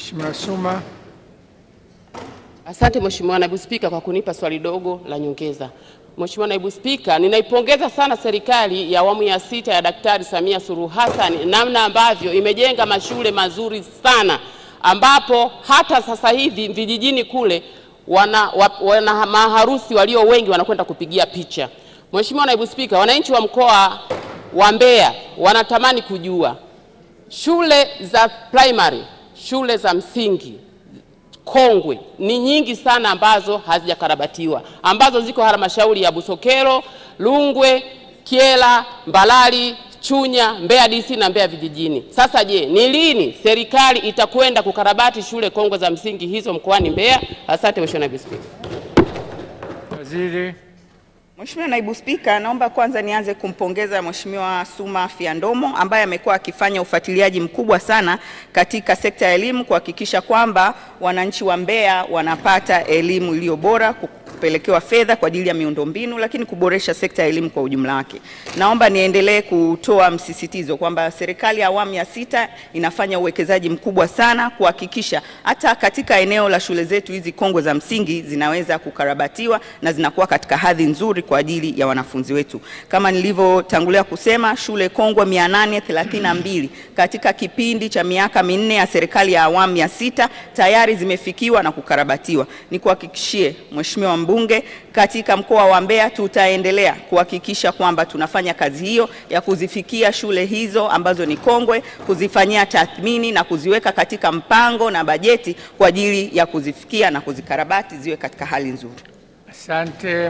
Mheshimiwa Suma. Asante Mheshimiwa Naibu Spika kwa kunipa swali dogo la nyongeza. Mheshimiwa Naibu Spika, ninaipongeza sana serikali ya awamu ya sita ya Daktari Samia Suluhu Hassan namna ambavyo imejenga mashule mazuri sana ambapo hata sasa hivi vijijini kule wana, wana maharusi walio wengi wanakwenda kupigia picha. Mheshimiwa Naibu Spika, wananchi wa mkoa wa Mbeya wanatamani kujua shule za primary shule za msingi kongwe ni nyingi sana ambazo hazijakarabatiwa ambazo ziko halmashauri ya Busokero, Lungwe, Kyela, Mbalali, Chunya, Mbeya DC na Mbeya vijijini. Sasa je, ni lini serikali itakwenda kukarabati shule kongwe za msingi hizo mkoani Mbeya? Asante Mheshimiwa Naibu Spika. Waziri Mheshimiwa Naibu Spika, naomba kwanza nianze kumpongeza Mheshimiwa Suma fiandomo ambaye amekuwa akifanya ufuatiliaji mkubwa sana katika sekta ya elimu kuhakikisha kwamba wananchi wa Mbeya wanapata elimu iliyo bora kupelekewa fedha kwa ajili ya miundombinu, lakini kuboresha sekta ya elimu kwa ujumla wake. Naomba niendelee kutoa msisitizo kwamba serikali ya awamu ya sita inafanya uwekezaji mkubwa sana kuhakikisha hata katika eneo la shule zetu hizi kongwe za msingi zinaweza kukarabatiwa na zinakuwa katika hadhi nzuri kwa ajili ya wanafunzi wetu. Kama nilivyotangulia kusema, shule kongwe 832 katika kipindi cha miaka minne ya serikali ya awamu ya sita tayari zimefikiwa na kukarabatiwa. Nikuhakikishie Mheshimiwa mbunge katika mkoa wa Mbeya, tutaendelea kuhakikisha kwamba tunafanya kazi hiyo ya kuzifikia shule hizo ambazo ni kongwe, kuzifanyia tathmini na kuziweka katika mpango na bajeti kwa ajili ya kuzifikia na kuzikarabati ziwe katika hali nzuri. Asante.